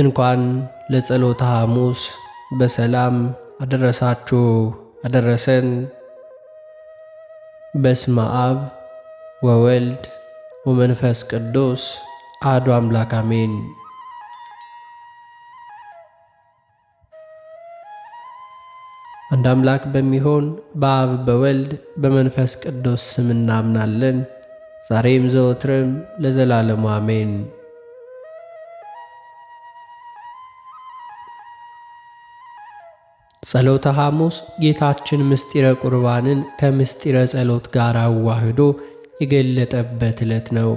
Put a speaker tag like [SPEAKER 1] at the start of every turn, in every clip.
[SPEAKER 1] እንኳን ለጸሎተ ሐሙስ በሰላም አደረሳችሁ አደረሰን። በስመ አብ ወወልድ ወመንፈስ ቅዱስ አሐዱ አምላክ አሜን። አንድ አምላክ በሚሆን በአብ በወልድ በመንፈስ ቅዱስ ስም እናምናለን ዛሬም ዘወትርም ለዘላለሙ አሜን። ጸሎተ ሐሙስ ጌታችን ምስጢረ ቁርባንን ከምስጢረ ጸሎት ጋር አዋህዶ የገለጠበት ዕለት ነው።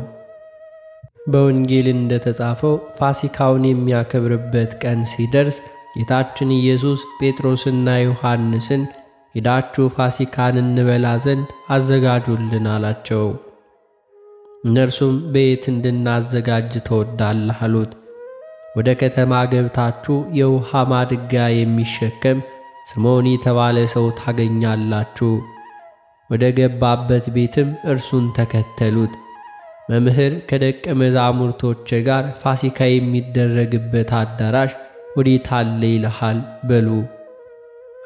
[SPEAKER 1] በወንጌል እንደተጻፈው ፋሲካውን የሚያከብርበት ቀን ሲደርስ ጌታችን ኢየሱስ ጴጥሮስና ዮሐንስን ሂዳችሁ ፋሲካን እንበላ ዘንድ አዘጋጁልን አላቸው። እነርሱም በየት እንድናዘጋጅ ተወዳለህ? አሉት። ወደ ከተማ ገብታችሁ የውሃ ማድጋ የሚሸከም ስምዖን የተባለ ሰው ታገኛላችሁ። ወደ ገባበት ቤትም እርሱን ተከተሉት። መምህር ከደቀ መዛሙርቶች ጋር ፋሲካ የሚደረግበት አዳራሽ ወዴት አለ ይልሃል በሉ።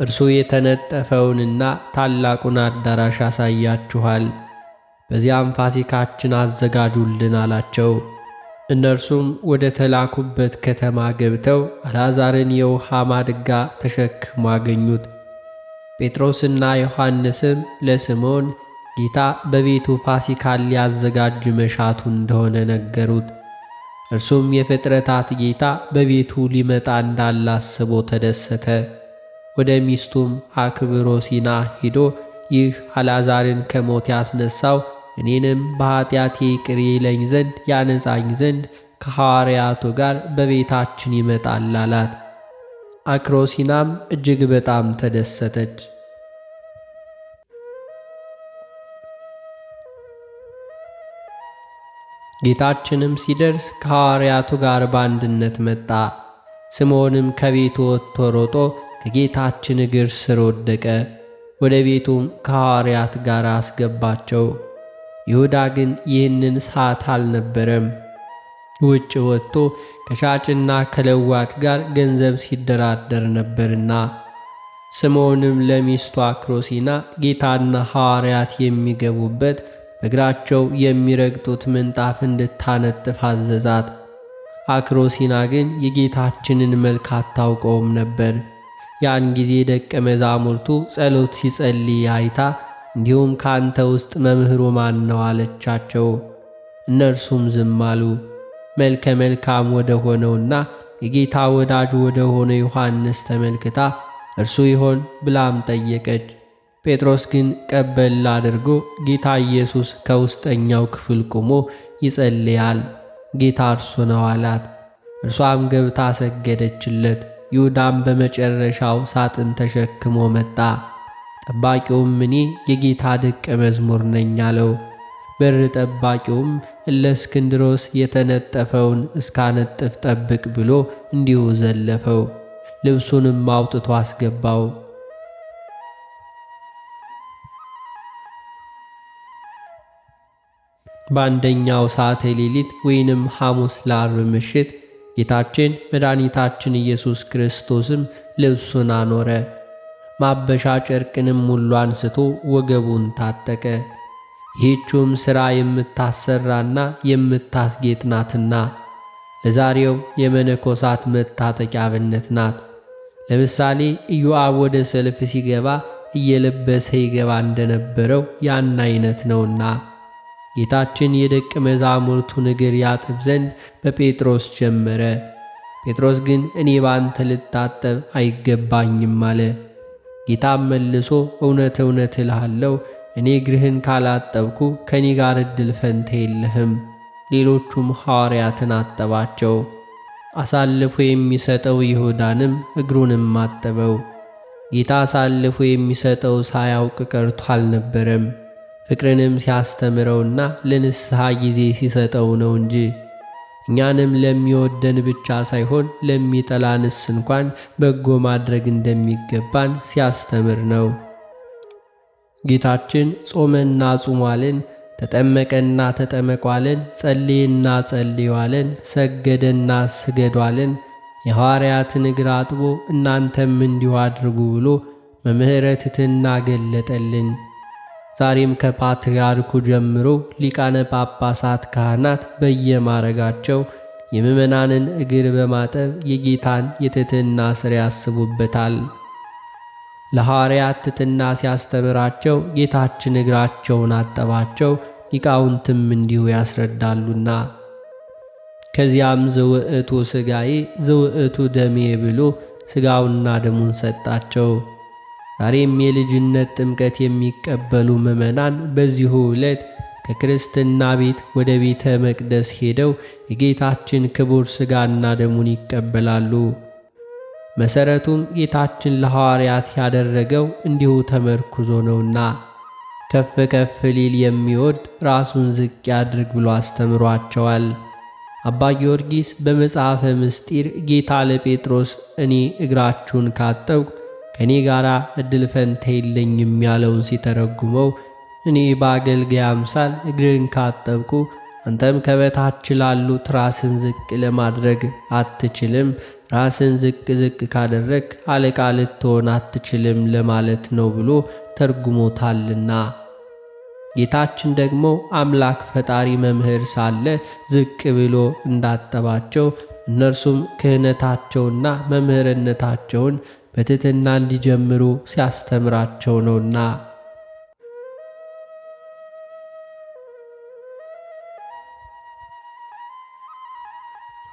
[SPEAKER 1] እርሱ የተነጠፈውንና ታላቁን አዳራሽ ያሳያችኋል። በዚያም ፋሲካችን አዘጋጁልን አላቸው። እነርሱም ወደ ተላኩበት ከተማ ገብተው አልዓዛርን የውሃ ማድጋ ተሸክሞ አገኙት። ጴጥሮስና ዮሐንስም ለስምዖን ጌታ በቤቱ ፋሲካን ሊያዘጋጅ መሻቱ እንደሆነ ነገሩት። እርሱም የፍጥረታት ጌታ በቤቱ ሊመጣ እንዳላስቦ ተደሰተ። ወደ ሚስቱም አክብሮሲና ሂዶ ይህ አልዓዛርን ከሞት ያስነሳው እኔንም በኀጢአቴ ቅሪ ይለኝ ዘንድ ያነጻኝ ዘንድ ከሐዋርያቱ ጋር በቤታችን ይመጣል አላት። አክሮሲናም እጅግ በጣም ተደሰተች። ጌታችንም ሲደርስ ከሐዋርያቱ ጋር በአንድነት መጣ። ስምዖንም ከቤቱ ወጥቶ ሮጦ ከጌታችን እግር ስር ወደቀ። ወደ ቤቱም ከሐዋርያት ጋር አስገባቸው። ይሁዳ ግን ይህንን ሰዓት አልነበረም። ውጭ ወጥቶ ከሻጭና ከለዋጭ ጋር ገንዘብ ሲደራደር ነበርና። ስምዖንም ለሚስቱ አክሮሲና ጌታና ሐዋርያት የሚገቡበት በእግራቸው የሚረግጡት ምንጣፍ እንድታነጥፍ አዘዛት። አክሮሲና ግን የጌታችንን መልክ አታውቀውም ነበር። ያን ጊዜ ደቀ መዛሙርቱ ጸሎት ሲጸልይ አይታ እንዲሁም ከአንተ ውስጥ መምህሩ ማን ነው አለቻቸው። እነርሱም ዝም አሉ። መልከ መልካም ወደ ሆነውና የጌታ ወዳጅ ወደ ሆነ ዮሐንስ ተመልክታ እርሱ ይሆን ብላም ጠየቀች። ጴጥሮስ ግን ቀበል አድርጎ ጌታ ኢየሱስ ከውስጠኛው ክፍል ቆሞ ይጸልያል፣ ጌታ እርሱ ነው አላት። እርሷም ገብታ ሰገደችለት። ይሁዳም በመጨረሻው ሳጥን ተሸክሞ መጣ። ጠባቂውም እኔ የጌታ ደቀ መዝሙር ነኝ አለው። በር ጠባቂውም እለእስክንድሮስ የተነጠፈውን እስካነጥፍ ጠብቅ ብሎ እንዲሁ ዘለፈው። ልብሱንም አውጥቶ አስገባው። በአንደኛው ሰዓት ሌሊት ወይንም ሐሙስ ለአርብ ምሽት ጌታችን መድኃኒታችን ኢየሱስ ክርስቶስም ልብሱን አኖረ። ማበሻ ጨርቅንም ሁሉ አንስቶ ወገቡን ታጠቀ። ይህችም ሥራ የምታሰራና የምታስጌጥ ናትና ለዛሬው የመነኮሳት መታጠቂያ አብነት ናት። ለምሳሌ ኢዮአብ ወደ ሰልፍ ሲገባ እየለበሰ ይገባ እንደነበረው ያን አይነት ነውና ጌታችን የደቀ መዛሙርቱ እግር ያጥብ ዘንድ በጴጥሮስ ጀመረ። ጴጥሮስ ግን እኔ ባንተ ልታጠብ አይገባኝም አለ። ጌታም መልሶ እውነት እውነት እልሃለሁ እኔ እግርህን ካላጠብኩ ከእኔ ጋር እድል ፈንታ የለህም። ሌሎቹም ሐዋርያትን አጠባቸው። አሳልፎ የሚሰጠው ይሁዳንም እግሩንም አጠበው። ጌታ አሳልፎ የሚሰጠው ሳያውቅ ቀርቶ አልነበረም፣ ፍቅርንም ሲያስተምረውና ለንስሐ ጊዜ ሲሰጠው ነው እንጂ እኛንም ለሚወደን ብቻ ሳይሆን ለሚጠላንስ እንኳን በጎ ማድረግ እንደሚገባን ሲያስተምር ነው። ጌታችን ጾመና ጹሟልን፣ ተጠመቀና ተጠመቋልን፣ ጸልየና ጸልዩዋልን፣ ሰገደና ስገዷልን፣ የሐዋርያትን እግር አጥቦ እናንተም እንዲሁ አድርጉ ብሎ መምህረ ትሕትና ገለጠልን። ዛሬም ከፓትርያርኩ ጀምሮ ሊቃነ ጳጳሳት፣ ካህናት በየማረጋቸው የምእመናንን እግር በማጠብ የጌታን የትሕትና ሥር ያስቡበታል። ለሐዋርያት ትሕትና ሲያስተምራቸው ጌታችን እግራቸውን አጠባቸው፣ ሊቃውንትም እንዲሁ ያስረዳሉና ከዚያም ዘውእቱ ሥጋዬ ዘውእቱ ደሜ ብሎ ሥጋውና ደሙን ሰጣቸው። ዛሬም የልጅነት ጥምቀት የሚቀበሉ ምዕመናን በዚሁ ዕለት ከክርስትና ቤት ወደ ቤተ መቅደስ ሄደው የጌታችን ክቡር ሥጋና ደሙን ይቀበላሉ። መሠረቱም ጌታችን ለሐዋርያት ያደረገው እንዲሁ ተመርኩዞ ነውና ከፍ ከፍ ሊል የሚወድ ራሱን ዝቅ ያድርግ ብሎ አስተምሯቸዋል። አባ ጊዮርጊስ በመጽሐፈ ምስጢር ጌታ ለጴጥሮስ እኔ እግራችሁን ካጠብኩ ከእኔ ጋር እድል ፈንታ የለኝም ያለውን ሲተረጉመው እኔ በአገልጋይ አምሳል እግርን ካጠብኩ አንተም ከበታች ላሉት ራስን ዝቅ ለማድረግ አትችልም። ራስን ዝቅ ዝቅ ካደረግ አለቃ ልትሆን አትችልም ለማለት ነው ብሎ ተርጉሞታልና። ጌታችን ደግሞ አምላክ ፈጣሪ መምህር ሳለ ዝቅ ብሎ እንዳጠባቸው እነርሱም ክህነታቸውና መምህርነታቸውን በትሕትና እንዲጀምሩ ሲያስተምራቸው ነውና።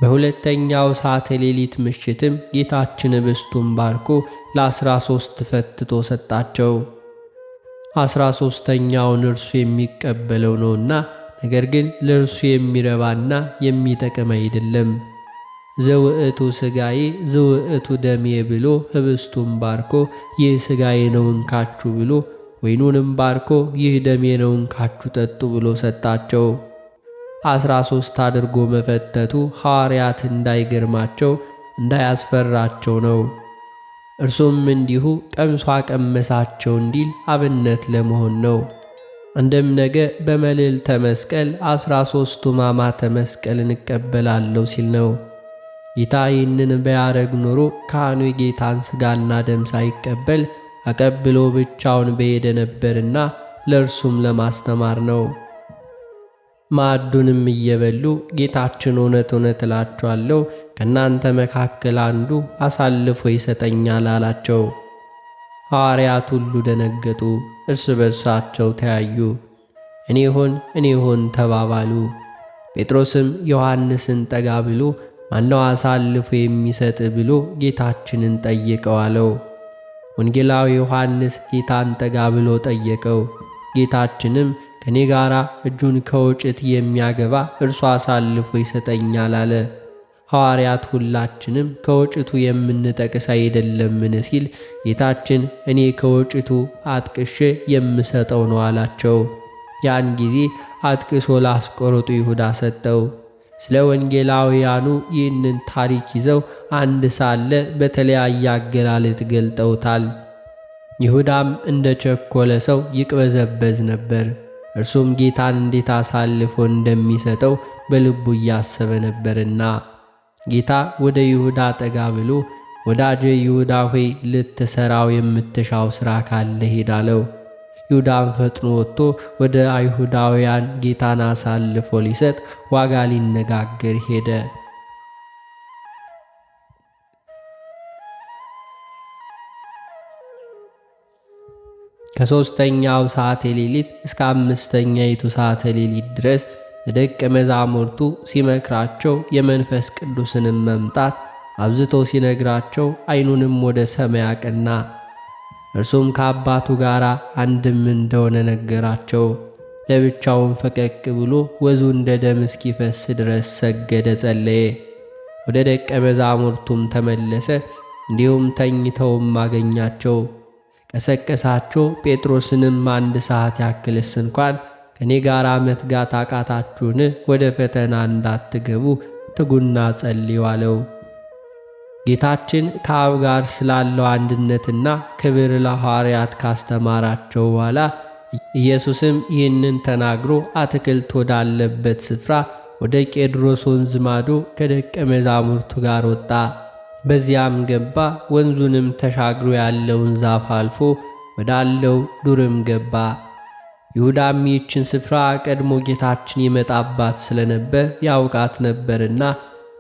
[SPEAKER 1] በሁለተኛው ሰዓት የሌሊት ምሽትም ጌታችን ኅብስቱን ባርኮ ለአስራ ሦስት ፈትቶ ሰጣቸው። አስራ ሦስተኛውን እርሱ የሚቀበለው ነውና፣ ነገር ግን ለእርሱ የሚረባና የሚጠቅም አይደለም። ዘውእቱ ስጋዬ ዘውእቱ ደሜ ብሎ ህብስቱን ባርኮ ይህ ስጋዬ ነው እንካችሁ ብሎ ወይኑንም ባርኮ ይህ ደሜ ነው እንካችሁ ጠጡ ብሎ ሰጣቸው። አስራ ሦስት አድርጎ መፈተቱ ሐዋርያት እንዳይገርማቸው እንዳያስፈራቸው ነው። እርሱም እንዲሁ ቀምሷ ቀመሳቸው እንዲል አብነት ለመሆን ነው። እንደም ነገ በመልዕልተ መስቀል አስራ ሦስቱ ሕማማተ መስቀል እንቀበላለሁ ሲል ነው። ጌታ ይህንን ቢያደረግ ኖሮ ካህኑ የጌታን ሥጋና ደም ሳይቀበል አቀብሎ ብቻውን በሄደ ነበርና ለእርሱም ለማስተማር ነው። ማዕዱንም እየበሉ ጌታችን እውነት እውነት እላችኋለሁ ከእናንተ መካከል አንዱ አሳልፎ ይሰጠኛል አላቸው። ሐዋርያት ሁሉ ደነገጡ፣ እርስ በርሳቸው ተያዩ። እኔ ሆን እኔ ሆን ተባባሉ። ጴጥሮስም ዮሐንስን ጠጋ ብሎ ማነው አሳልፎ የሚሰጥ ብሎ ጌታችንን ጠየቀው አለው። ወንጌላዊ ዮሐንስ ጌታን ጠጋ ብሎ ጠየቀው። ጌታችንም ከእኔ ጋር እጁን ከውጭት የሚያገባ እርሱ አሳልፎ ይሰጠኛል አለ። ሐዋርያት ሁላችንም ከውጭቱ የምንጠቅስ አይደለምን ሲል ጌታችን እኔ ከውጭቱ አጥቅሼ የምሰጠው ነው አላቸው። ያን ጊዜ አጥቅሶ ላስቆረጡ ይሁዳ ሰጠው። ስለ ወንጌላውያኑ ይህንን ታሪክ ይዘው አንድ ሳለ በተለያየ አገላለጥ ገልጠውታል። ይሁዳም እንደ ቸኮለ ሰው ይቅበዘበዝ ነበር። እርሱም ጌታን እንዴት አሳልፎ እንደሚሰጠው በልቡ እያሰበ ነበርና ጌታ ወደ ይሁዳ ጠጋ ብሎ ወዳጄ ይሁዳ ሆይ ልትሠራው የምትሻው ሥራ ካለ ሄዳለው ይሁዳም ፈጥኖ ወጥቶ ወደ አይሁዳውያን ጌታን አሳልፎ ሊሰጥ ዋጋ ሊነጋገር ሄደ። ከሦስተኛው ሰዓተ ሌሊት እስከ አምስተኛይቱ ሰዓተ ሌሊት ድረስ ለደቀ መዛሙርቱ ሲመክራቸው የመንፈስ ቅዱስንም መምጣት አብዝቶ ሲነግራቸው አይኑንም ወደ ሰማይ አቀና። እርሱም ከአባቱ ጋር አንድም እንደሆነ ነገራቸው። ለብቻውን ፈቀቅ ብሎ ወዙ እንደ ደም እስኪፈስ ድረስ ሰገደ፣ ጸለየ። ወደ ደቀ መዛሙርቱም ተመለሰ። እንዲሁም ተኝተውም አገኛቸው። ቀሰቀሳቸው። ጴጥሮስንም አንድ ሰዓት ያክልስ እንኳን ከእኔ ጋር መትጋት አቃታችሁን? ወደ ፈተና እንዳትገቡ ትጉና ጸልዩ አለው። ጌታችን ከአብ ጋር ስላለው አንድነትና ክብር ለሐዋርያት ካስተማራቸው በኋላ ኢየሱስም ይህንን ተናግሮ አትክልት ወዳለበት ስፍራ ወደ ቄድሮስ ወንዝ ማዶ ከደቀ መዛሙርቱ ጋር ወጣ። በዚያም ገባ። ወንዙንም ተሻግሮ ያለውን ዛፍ አልፎ ወዳለው ዱርም ገባ። ይሁዳም ይህችን ስፍራ ቀድሞ ጌታችን ይመጣባት ስለነበር ያውቃት ነበርና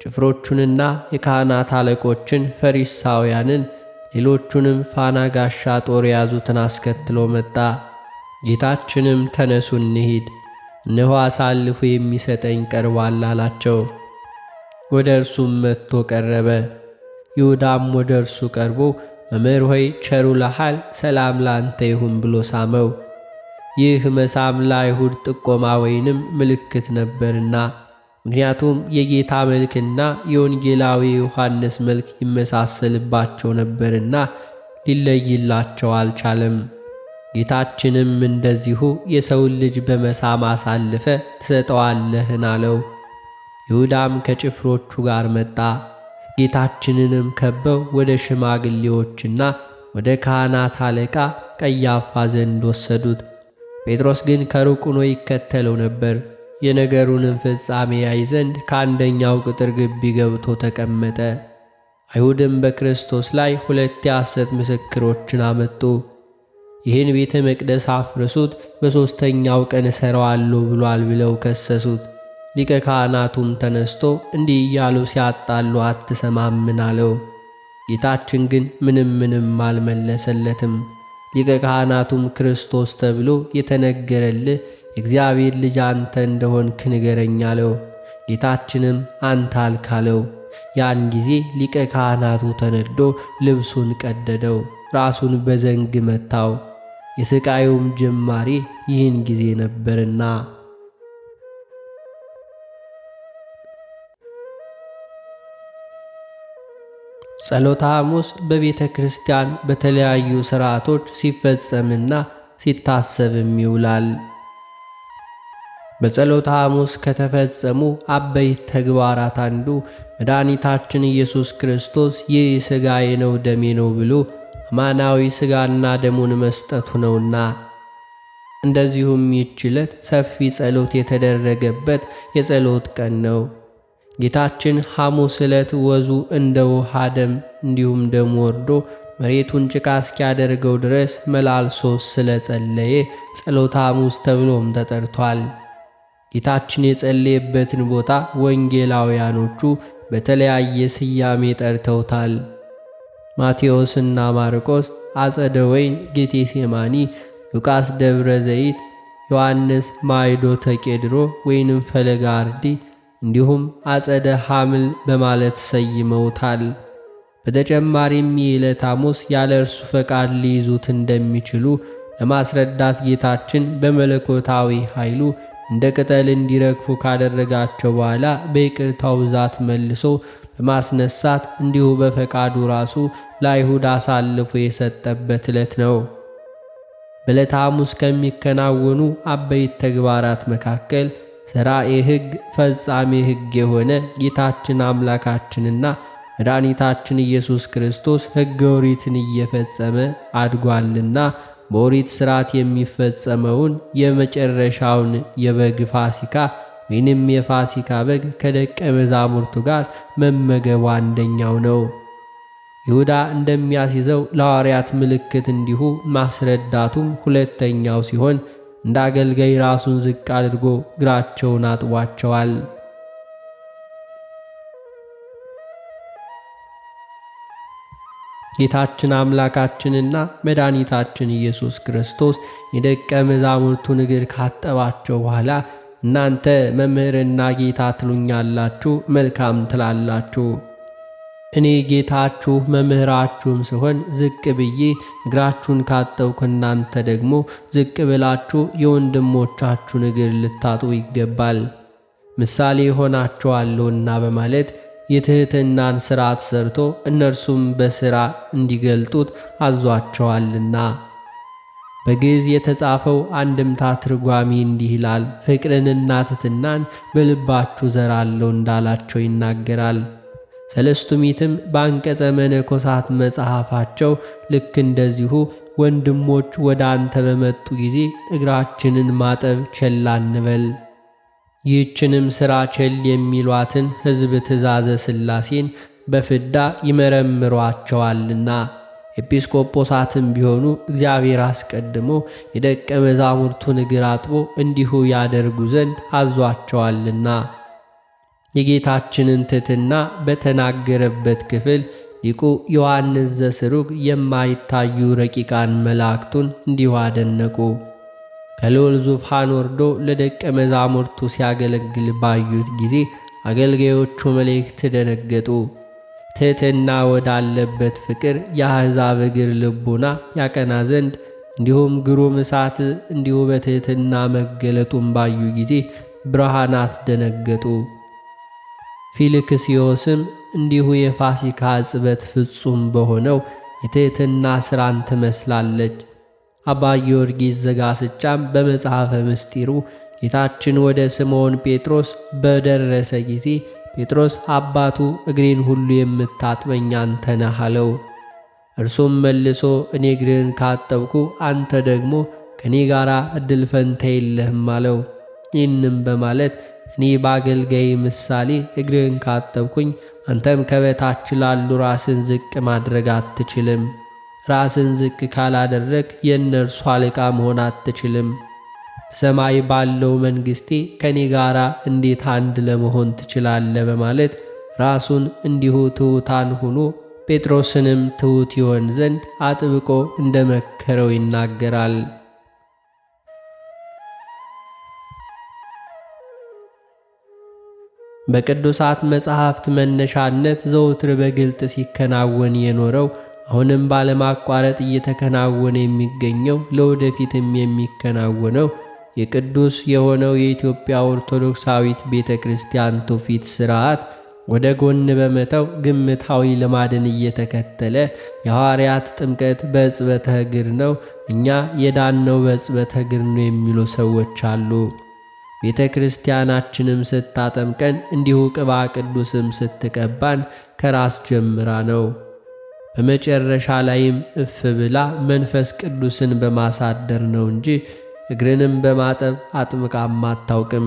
[SPEAKER 1] ጭፍሮቹንና የካህናት አለቆችን ፈሪሳውያንን፣ ሌሎቹንም ፋና፣ ጋሻ፣ ጦር የያዙትን አስከትሎ መጣ። ጌታችንም ተነሱ እንሂድ፣ እነሆ አሳልፎ የሚሰጠኝ ቀርቧል አላቸው። ወደ እርሱም መጥቶ ቀረበ። ይሁዳም ወደ እርሱ ቀርቦ መምህር ሆይ ቸሩ ለሃል ሰላም ላንተ ይሁን ብሎ ሳመው። ይህ መሳም ለአይሁድ ጥቆማ ወይንም ምልክት ነበርና ምክንያቱም የጌታ መልክና የወንጌላዊ ዮሐንስ መልክ ይመሳሰልባቸው ነበርና ሊለይላቸው አልቻለም። ጌታችንም እንደዚሁ የሰውን ልጅ በመሳም አሳልፈ ትሰጠዋለህን አለው። ይሁዳም ከጭፍሮቹ ጋር መጣ። ጌታችንንም ከበው ወደ ሽማግሌዎችና ወደ ካህናት አለቃ ቀያፋ ዘንድ ወሰዱት። ጴጥሮስ ግን ከሩቅ ይከተለው ነበር። የነገሩንም ፍጻሜ ያይ ዘንድ ከአንደኛው ቅጥር ግቢ ገብቶ ተቀመጠ። አይሁድም በክርስቶስ ላይ ሁለት የሐሰት ምስክሮችን አመጡ። ይህን ቤተ መቅደስ አፍርሱት፣ በሦስተኛው ቀን እሠራዋለሁ ብሏል ብለው ከሰሱት። ሊቀ ካህናቱም ተነስቶ እንዲህ እያሉ ሲያጣሉ አትሰማምን አለው። ጌታችን ግን ምንም ምንም አልመለሰለትም። ሊቀ ካህናቱም ክርስቶስ ተብሎ የተነገረልህ የእግዚአብሔር ልጅ አንተ እንደሆንክ ንገረኝ አለው። ጌታችንም አንተ አልክ አለው። ያን ጊዜ ሊቀ ካህናቱ ተነዶ ልብሱን ቀደደው፣ ራሱን በዘንግ መታው። የሥቃዩም ጅማሬ ይህን ጊዜ ነበርና ጸሎተ ሐሙስ በቤተ ክርስቲያን በተለያዩ ሥርዓቶች ሲፈጸምና ሲታሰብም ይውላል። በጸሎተ ሐሙስ ከተፈጸሙ አበይት ተግባራት አንዱ መድኃኒታችን ኢየሱስ ክርስቶስ ይህ ሥጋዬ ነው ደሜ ነው ብሎ አማናዊ ሥጋና ደሙን መስጠቱ ነውና። እንደዚሁም ይችለት ሰፊ ጸሎት የተደረገበት የጸሎት ቀን ነው። ጌታችን ሐሙስ ዕለት ወዙ እንደ ውሃ ደም እንዲሁም ደም ወርዶ መሬቱን ጭቃ እስኪያደርገው ድረስ መላልሶ ስለጸለየ ጸሎተ ሐሙስ ተብሎም ተጠርቷል። ጌታችን የጸለየበትን ቦታ ወንጌላውያኖቹ በተለያየ ስያሜ ጠርተውታል። ማቴዎስና ማርቆስ አጸደ ወይን ጌቴሴማኒ፣ ሉቃስ ደብረ ዘይት፣ ዮሐንስ ማይዶ ተቄድሮ ወይንም ፈለጋ አርዲ እንዲሁም አጸደ ሐምል በማለት ሰይመውታል። በተጨማሪም የዕለት ሐሙስ ያለ እርሱ ፈቃድ ሊይዙት እንደሚችሉ ለማስረዳት ጌታችን በመለኮታዊ ኃይሉ እንደ ቅጠል እንዲረግፉ ካደረጋቸው በኋላ በይቅርታው ብዛት መልሶ በማስነሳት እንዲሁ በፈቃዱ ራሱ ለአይሁድ አሳልፎ የሰጠበት ዕለት ነው። በዕለተ ሐሙስ ከሚከናወኑ አበይት ተግባራት መካከል ሰራኤ ሕግ ፈጻሜ ሕግ የሆነ ጌታችን አምላካችንና መድኃኒታችን ኢየሱስ ክርስቶስ ሕገ ኦሪትን እየፈጸመ አድጓልና በኦሪት ሥርዓት የሚፈጸመውን የመጨረሻውን የበግ ፋሲካ ወይንም የፋሲካ በግ ከደቀ መዛሙርቱ ጋር መመገቡ አንደኛው ነው። ይሁዳ እንደሚያስይዘው ለሐዋርያት ምልክት እንዲሁ ማስረዳቱም ሁለተኛው ሲሆን እንደ አገልጋይ ራሱን ዝቅ አድርጎ እግራቸውን አጥቧቸዋል። ጌታችን አምላካችንና መድኃኒታችን ኢየሱስ ክርስቶስ የደቀ መዛሙርቱን እግር ካጠባቸው በኋላ እናንተ መምህርና ጌታ ትሉኛላችሁ፣ መልካም ትላላችሁ። እኔ ጌታችሁ መምህራችሁም ስሆን ዝቅ ብዬ እግራችሁን ካጠብኩ እናንተ ደግሞ ዝቅ ብላችሁ የወንድሞቻችሁን እግር ልታጡ ይገባል፣ ምሳሌ ሆናችኋለሁና በማለት የትህትናን ሥርዓት ሰርቶ እነርሱም በሥራ እንዲገልጡት አዟቸዋልና። በግዕዝ የተጻፈው አንድምታ ትርጓሚ እንዲህ ይላል። ፍቅርንና ትትናን በልባችሁ ዘራለሁ እንዳላቸው ይናገራል። ሰለስቱ ምዕትም በአንቀጸ መነኮሳት መጽሐፋቸው ልክ እንደዚሁ ወንድሞች ወደ አንተ በመጡ ጊዜ እግራችንን ማጠብ ቸላ እንበል ይህችንም ሥራ ቸል የሚሏትን ሕዝብ ትእዛዘ ሥላሴን በፍዳ ይመረምሯቸዋልና። ኤጲስቆጶሳትም ቢሆኑ እግዚአብሔር አስቀድሞ የደቀ መዛሙርቱን እግር አጥቦ እንዲሁ ያደርጉ ዘንድ አዟቸዋልና። የጌታችንን ትትና በተናገረበት ክፍል ሊቁ ዮሐንስ ዘስሩግ የማይታዩ ረቂቃን መላእክቱን እንዲሁ አደነቁ። ከልዑል ዙፋን ወርዶ ለደቀ መዛሙርቱ ሲያገለግል ባዩት ጊዜ አገልጋዮቹ መላእክት ደነገጡ። ትሕትና ወዳለበት ፍቅር የአሕዛብ እግር ልቡና ያቀና ዘንድ እንዲሁም ግሩም እሳት እንዲሁ በትሕትና መገለጡን ባዩ ጊዜ ብርሃናት ደነገጡ። ፊልክስዮስም እንዲሁ የፋሲካ ጽበት ፍጹም በሆነው የትሕትና ሥራን ትመስላለች። አባ ጊዮርጊስ ዘጋስጫም በመጽሐፈ ምስጢሩ ጌታችን ወደ ስምዖን ጴጥሮስ በደረሰ ጊዜ ጴጥሮስ አባቱ እግሬን ሁሉ የምታጥበኝ አንተ ነህ አለው። እርሱም መልሶ እኔ እግርህን ካጠብኩ አንተ ደግሞ ከእኔ ጋር እድል ፈንታ የለህም አለው። ይህንም በማለት እኔ በአገልጋይ ምሳሌ እግርህን ካጠብኩኝ አንተም ከበታች ላሉ ራስን ዝቅ ማድረግ አትችልም። ራስን ዝቅ ካላደረግ የእነርሱ አለቃ መሆን አትችልም። በሰማይ ባለው መንግሥቴ ከኔ ጋር እንዴት አንድ ለመሆን ትችላለ? በማለት ራሱን እንዲሁ ትሑታን ሆኖ ጴጥሮስንም ትሑት ይሆን ዘንድ አጥብቆ እንደ መከረው ይናገራል። በቅዱሳት መጻሕፍት መነሻነት ዘውትር በግልጥ ሲከናወን የኖረው አሁንም ባለማቋረጥ እየተከናወነ የሚገኘው ለወደፊትም የሚከናወነው የቅዱስ የሆነው የኢትዮጵያ ኦርቶዶክሳዊት ቤተ ክርስቲያን ትውፊት ሥርዓት ወደ ጎን በመተው ግምታዊ ልማድን እየተከተለ የሐዋርያት ጥምቀት በእጽበተ እግር ነው፣ እኛ የዳነው በእጽበተ እግር ነው የሚሉ ሰዎች አሉ። ቤተ ክርስቲያናችንም ስታጠምቀን እንዲሁ ቅባ ቅዱስም ስትቀባን ከራስ ጀምራ ነው። በመጨረሻ ላይም እፍ ብላ መንፈስ ቅዱስን በማሳደር ነው እንጂ እግርንም በማጠብ አጥምቃም አታውቅም።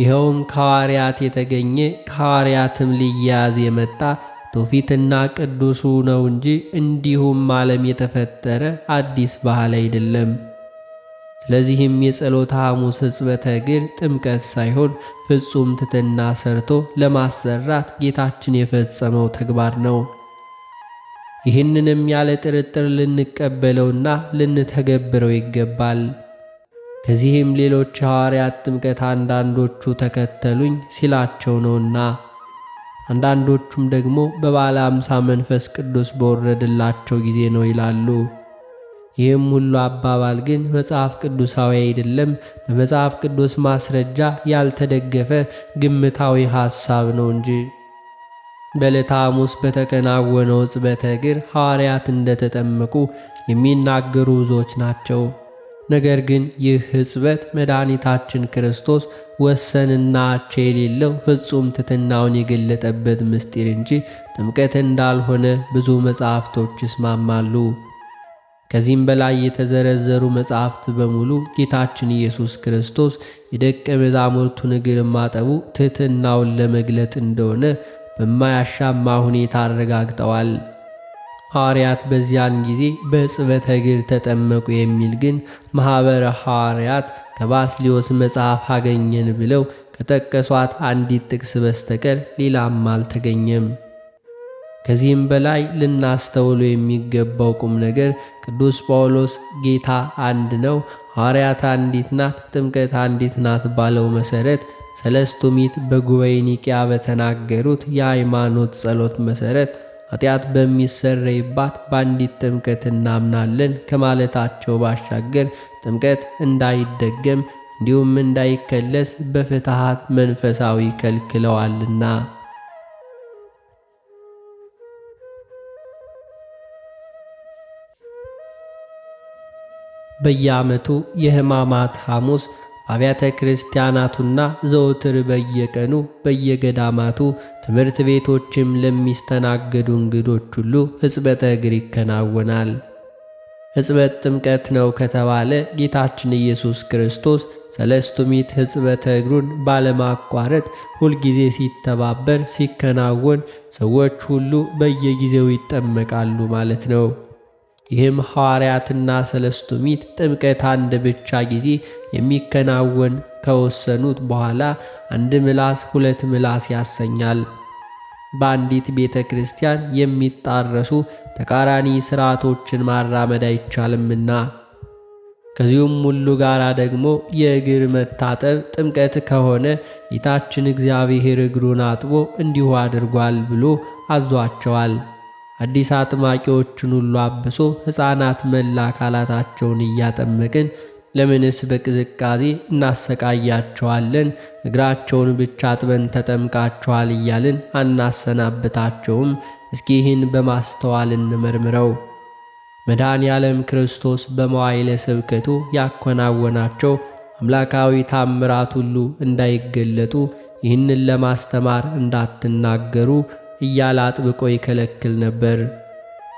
[SPEAKER 1] ይኸውም ከሐዋርያት የተገኘ ከሐዋርያትም ሊያያዝ የመጣ ትውፊትና ቅዱሱ ነው እንጂ እንዲሁም ዓለም የተፈጠረ አዲስ ባህል አይደለም። ስለዚህም የጸሎተ ሐሙስ ሕጽበተ እግር ጥምቀት ሳይሆን ፍጹም ትሕትና ሰርቶ ለማሰራት ጌታችን የፈጸመው ተግባር ነው። ይህንንም ያለ ጥርጥር ልንቀበለውና ልንተገብረው ይገባል። ከዚህም ሌሎች ሐዋርያት ጥምቀት አንዳንዶቹ ተከተሉኝ ሲላቸው ነውና፣ አንዳንዶቹም ደግሞ በባለ አምሳ መንፈስ ቅዱስ በወረደላቸው ጊዜ ነው ይላሉ። ይህም ሁሉ አባባል ግን መጽሐፍ ቅዱሳዊ አይደለም፣ በመጽሐፍ ቅዱስ ማስረጃ ያልተደገፈ ግምታዊ ሐሳብ ነው እንጂ በዕለተ ሐሙስ በተከናወነው ጽበተ እግር ሐዋርያት እንደተጠመቁ የሚናገሩ ብዙዎች ናቸው። ነገር ግን ይህ ሕጽበት መድኃኒታችን ክርስቶስ ወሰንና አቻ የሌለው ፍጹም ትሕትናውን የገለጠበት ምስጢር እንጂ ጥምቀት እንዳልሆነ ብዙ መጻሕፍቶች ይስማማሉ። ከዚህም በላይ የተዘረዘሩ መጻሕፍት በሙሉ ጌታችን ኢየሱስ ክርስቶስ የደቀ መዛሙርቱን እግር ማጠቡ ትሕትናውን ለመግለጥ እንደሆነ በማያሻማ ሁኔታ አረጋግጠዋል። ሐዋርያት በዚያን ጊዜ በጽበተ እግር ተጠመቁ የሚል ግን ማኅበረ ሐዋርያት ከባስሊዮስ መጽሐፍ አገኘን ብለው ከጠቀሷት አንዲት ጥቅስ በስተቀር ሌላም አልተገኘም። ከዚህም በላይ ልናስተውሎ የሚገባው ቁም ነገር ቅዱስ ጳውሎስ ጌታ አንድ ነው፣ ሐዋርያት አንዲት ናት፣ ጥምቀት አንዲት ናት ባለው መሠረት ሰለስቱ ምዕት በጉባኤ ኒቅያ በተናገሩት የሃይማኖት ጸሎት መሠረት ኃጢአት በሚሰረይባት በአንዲት ጥምቀት እናምናለን ከማለታቸው ባሻገር ጥምቀት እንዳይደገም እንዲሁም እንዳይከለስ በፍትሐት መንፈሳዊ ከልክለዋልና። በየዓመቱ የሕማማት ሐሙስ አብያተ ክርስቲያናቱና ዘውትር በየቀኑ በየገዳማቱ ትምህርት ቤቶችም ለሚስተናገዱ እንግዶች ሁሉ ሕጽበተ እግር ይከናወናል። ሕጽበት ጥምቀት ነው ከተባለ ጌታችን ኢየሱስ ክርስቶስ ሰለስቱ ምዕት ሕጽበተ እግሩን ባለማቋረጥ ሁልጊዜ ሲተባበር ሲከናወን ሰዎች ሁሉ በየጊዜው ይጠመቃሉ ማለት ነው። ይህም ሐዋርያትና ሰለስቱ ምዕት ጥምቀት አንድ ብቻ ጊዜ የሚከናወን ከወሰኑት በኋላ አንድ ምላስ ሁለት ምላስ ያሰኛል። በአንዲት ቤተ ክርስቲያን የሚጣረሱ ተቃራኒ ሥርዓቶችን ማራመድ አይቻልምና። ከዚሁም ሁሉ ጋር ደግሞ የእግር መታጠብ ጥምቀት ከሆነ ጌታችን እግዚአብሔር እግሩን አጥቦ እንዲሁ አድርጓል ብሎ አዟቸዋል። አዲስ አጥማቂዎቹን ሁሉ አብሶ ሕፃናት መላ አካላታቸውን እያጠመቅን ለምንስ በቅዝቃዜ እናሰቃያቸዋለን? እግራቸውን ብቻ አጥበን ተጠምቃቸዋል እያልን አናሰናብታቸውም። እስኪ ይህን በማስተዋል እንመርምረው። መድኃኔ ዓለም ክርስቶስ በመዋይለ ስብከቱ ያከናወናቸው አምላካዊ ታምራት ሁሉ እንዳይገለጡ ይህንን ለማስተማር እንዳትናገሩ እያለ አጥብቆ ይከለክል ነበር።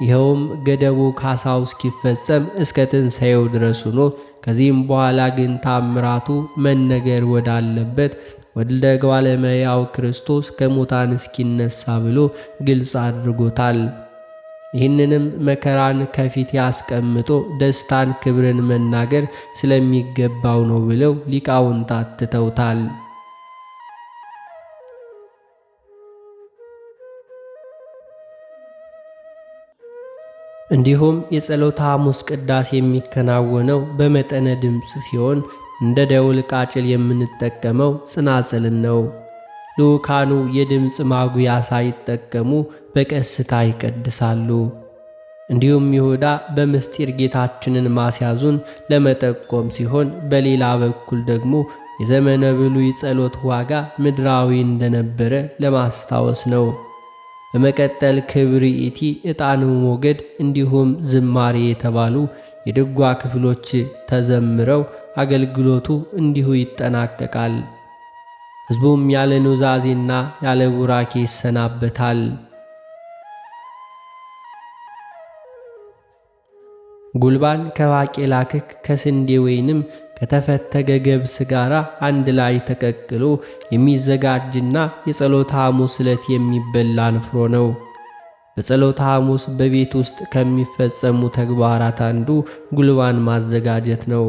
[SPEAKER 1] ይኸውም ገደቡ ካሳው እስኪፈጸም እስከ ትንሣኤው ድረስ ሆኖ ከዚህም በኋላ ግን ታምራቱ መነገር ወዳለበት ወልደ ባለመያው ክርስቶስ ከሙታን እስኪነሳ ብሎ ግልጽ አድርጎታል። ይህንንም መከራን ከፊት ያስቀምጦ ደስታን፣ ክብርን መናገር ስለሚገባው ነው ብለው ሊቃውንታትተውታል። እንዲሁም የጸሎተ ሐሙስ ቅዳሴ የሚከናወነው በመጠነ ድምፅ ሲሆን እንደ ደውል ቃጭል የምንጠቀመው ጽናጽልን ነው። ልዑካኑ የድምፅ ማጉያ ሳይጠቀሙ በቀስታ ይቀድሳሉ። እንዲሁም ይሁዳ በምስጢር ጌታችንን ማስያዙን ለመጠቆም ሲሆን፣ በሌላ በኩል ደግሞ የዘመነ ብሉይ ጸሎት ዋጋ ምድራዊ እንደነበረ ለማስታወስ ነው። በመቀጠል ክብርኢቲ፣ ዕጣን ሞገድ እንዲሁም ዝማሬ የተባሉ የድጓ ክፍሎች ተዘምረው አገልግሎቱ እንዲሁ ይጠናቀቃል። ሕዝቡም ያለ ኑዛዜና ያለ ቡራኬ ይሰናበታል። ጉልባን ከባቄላ ክክ ከስንዴ ወይንም ከተፈተገ ገብስ ጋር አንድ ላይ ተቀቅሎ የሚዘጋጅና የጸሎተ ሐሙስ ዕለት የሚበላ ንፍሮ ነው። በጸሎተ ሐሙስ በቤት ውስጥ ከሚፈጸሙ ተግባራት አንዱ ጉልባን ማዘጋጀት ነው።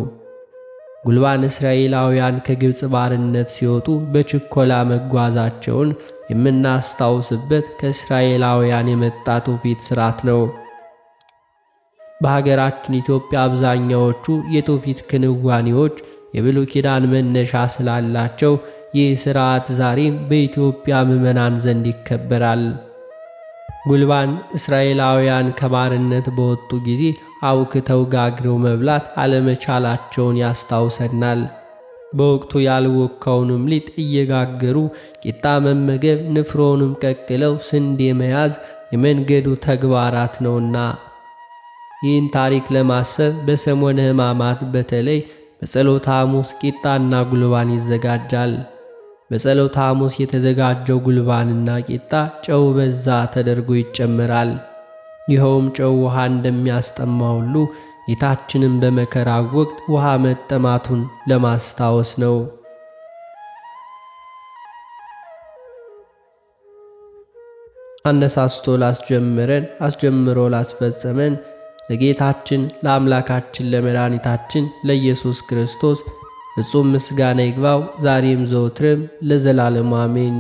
[SPEAKER 1] ጉልባን እስራኤላውያን ከግብፅ ባርነት ሲወጡ በችኮላ መጓዛቸውን የምናስታውስበት ከእስራኤላውያን የመጣ ትውፊት ሥርዓት ነው። በሀገራችን ኢትዮጵያ አብዛኛዎቹ የትውፊት ክንዋኔዎች የብሉይ ኪዳን መነሻ ስላላቸው ይህ ሥርዓት ዛሬም በኢትዮጵያ ምዕመናን ዘንድ ይከበራል። ጉልባን እስራኤላውያን ከባርነት በወጡ ጊዜ አውክተው ጋግረው መብላት አለመቻላቸውን ያስታውሰናል። በወቅቱ ያልወካውንም ሊጥ እየጋገሩ ቂጣ መመገብ፣ ንፍሮንም ቀቅለው ስንዴ መያዝ የመንገዱ ተግባራት ነውና ይህን ታሪክ ለማሰብ በሰሞነ ሕማማት በተለይ በጸሎተ ሐሙስ ቂጣና ጉልባን ይዘጋጃል። በጸሎተ ሐሙስ የተዘጋጀው ጉልባንና ቂጣ ጨው በዛ ተደርጎ ይጨመራል። ይኸውም ጨው ውሃ እንደሚያስጠማ ሁሉ ጌታችንም በመከራ ወቅት ውሃ መጠማቱን ለማስታወስ ነው። አነሳስቶ ላስጀምረን አስጀምሮ ላስፈጸመን ለጌታችን ለአምላካችን ለመድኃኒታችን ለኢየሱስ ክርስቶስ ፍጹም ምስጋና ይግባው ዛሬም ዘወትርም ለዘላለም አሜን።